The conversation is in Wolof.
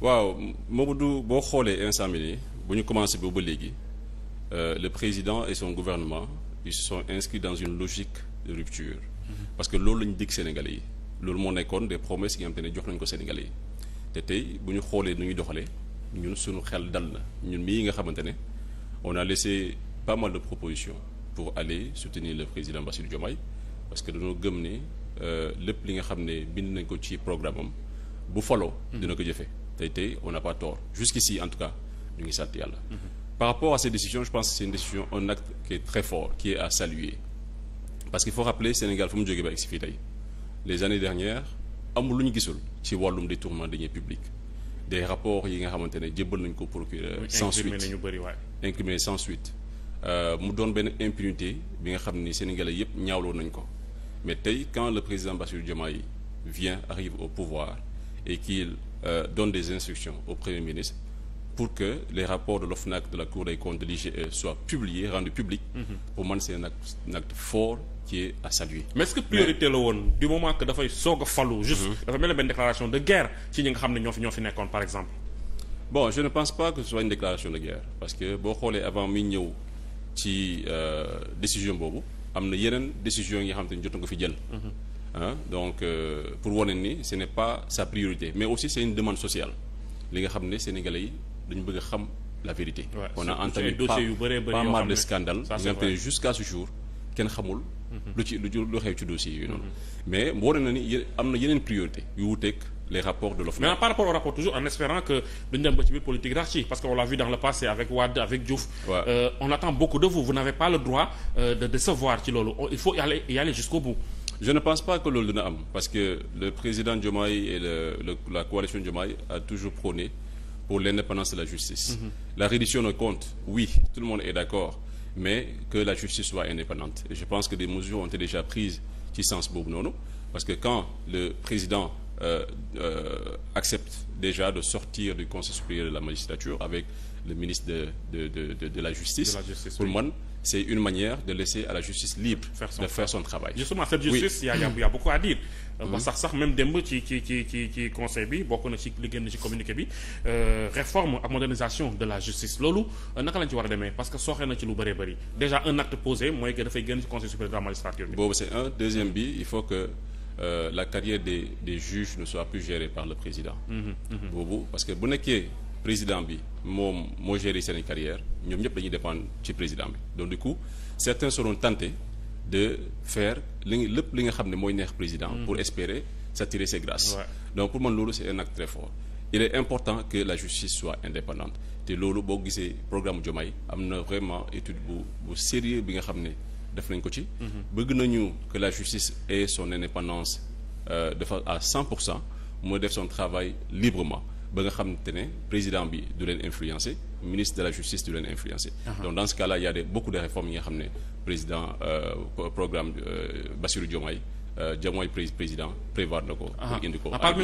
waaw Mamadou boo xoolee instant bii bu ñu commencé boobu ba léegi euh, le président et son gouvernement ils se sont inscrits dans une logique de rupture. Mm-hmm. parce que loolu la ñu dig Sénégalais yi loolu moo nekkoon de promesses yi nga xam te ne jox nañ ko Sénégalais yi te tey bu ñu xoolee nu ñuy doxalee ñun suñu xel dal na ñun mii nga xamante ne on a laissé pas mal de propositions pour aller soutenir le président Bassirou jomay parce que dañoo gëm ne euh, lépp li nga xam ne bind nañ ko ci programme am bu foloo mm-hmm. dina ko jëfee. tey tey on n'a pas tort jusqu'ici en tout cas ñu ngi sant yàlla. par rapport à ces décisions je pense que c'est une décision un acte qui est très fort qui est à saluer parce qu'il faut rappeler Sénégal fu mu jógee ba egsi fii tey les années dernières amul lu ñu gisul ci wàllum détournement de deniers publics des rapports yi nga xamante ne jébbal nañ ko procureur sans suite incriminé sans suite mu doon benn impunité bi nga xam ni sénégalais yépp ñaawloo nañ ko mais tey quand le président Bassirou Diomaye vient arrive au pouvoir et qu'il euh, donne des instructions au Premier ministre pour que les rapports de l'OFNAC, de la Cour des comptes, de l'IGE soient publiés, rendus publics. Mm -hmm. Pour moi, c'est un, un acte, qui est saluer. Mais est que priorité la woon du moment que dafay soog a falu juste mm-hmm. dafa mel ni benn déclaration de guerre ci ñi nga xam ne ñoo fi ñoo fi nekkoon par exemple. bon je ne pense pas que ce soit une déclaration de guerre parce que boo xoolee avant mi ñëw ci euh, décision boobu am na yeneen décision yi xam te jot nga fi jël. Mm-hmm. ah donc euh, pour wane ni ce n'est pas sa priorité mais aussi c'est une demande sociale li nga xam ne sénégalais yi dañu bëgg xam la vérité. Ouais, on a entamé pas, pas mal de scandales. ça c'est vrai jusqu'à ce jour kenn xamul. Mhm. lu ci lu lu xew ci dossier yooyu noonu. Mhm. mais wane na ni am na yeneen priorité yu wuteeg les rapports de l'OFNAC. mais par rapport au rapport toujours en espérant que duñu dem ba ci biir politique rax parce que l'a vu dans le passé je ne pense pas que loolu dina parce que le président Diomaye et le, le la coalition Diomaye a toujours prôné pour l'indépendance de la justice mm -hmm. la reddition de comptes oui tout le monde est d'accord mais que la justice soit indépendante et je pense que des mesures ont été déjà prises ci sens boobu noonu parce que quand le président euh, euh, accepte déjà de sortir du conseil supérieur de la magistrature avec le ministre de la justice, de la man c'est une manière de laisser à la justice libre de faire son travail. Justement, cette justice, il oui. y, a dire. sax euh, mm-hmm. sax même démb ci conseil bi bokk na ci li génn ci communiqué bi euh, réforme ak modernisation de la justice loolu euh, naka lañ ci war a parce que sooxee na ci lu bëree bëri déjà un acte posé mooy que dafay génn conseil supérieur de la magistrature boobu c'est un deuxième bi il faut que la carrière des des juges ne soit plus gérée par le président. Mm-hmm, mm-hmm. boobu président bi moom moo gérer seen carrière ñoom ñëpp dañuy dépendre ci président bi donc du coup certains seront tentés de faire li lépp li nga xam ne mooy neex président mm. pour espérer s'attirer ses grâces ouais. donc pour man loolu c'est un acte très fort il est important que la justice soit indépendante te loolu boo gisee programme Diomaye am na vraiment étude bu bu sérieux bi nga xam ne def nañ ko ci mm-hmm. bëgg nañu que la justice ait son indépendance euh, de façon à 100 pour cent mu def son travail librement ba nga xam te ne président bi du leen influencer ministre de la justice du leen influencer. Uh -huh. donc dans ce cas là il y a beaucoup de réformes yi nga xam ne président euh, programme euh, Bassirou Diomaye euh, Diomaye président prévoir na ko. pour indi ko ah,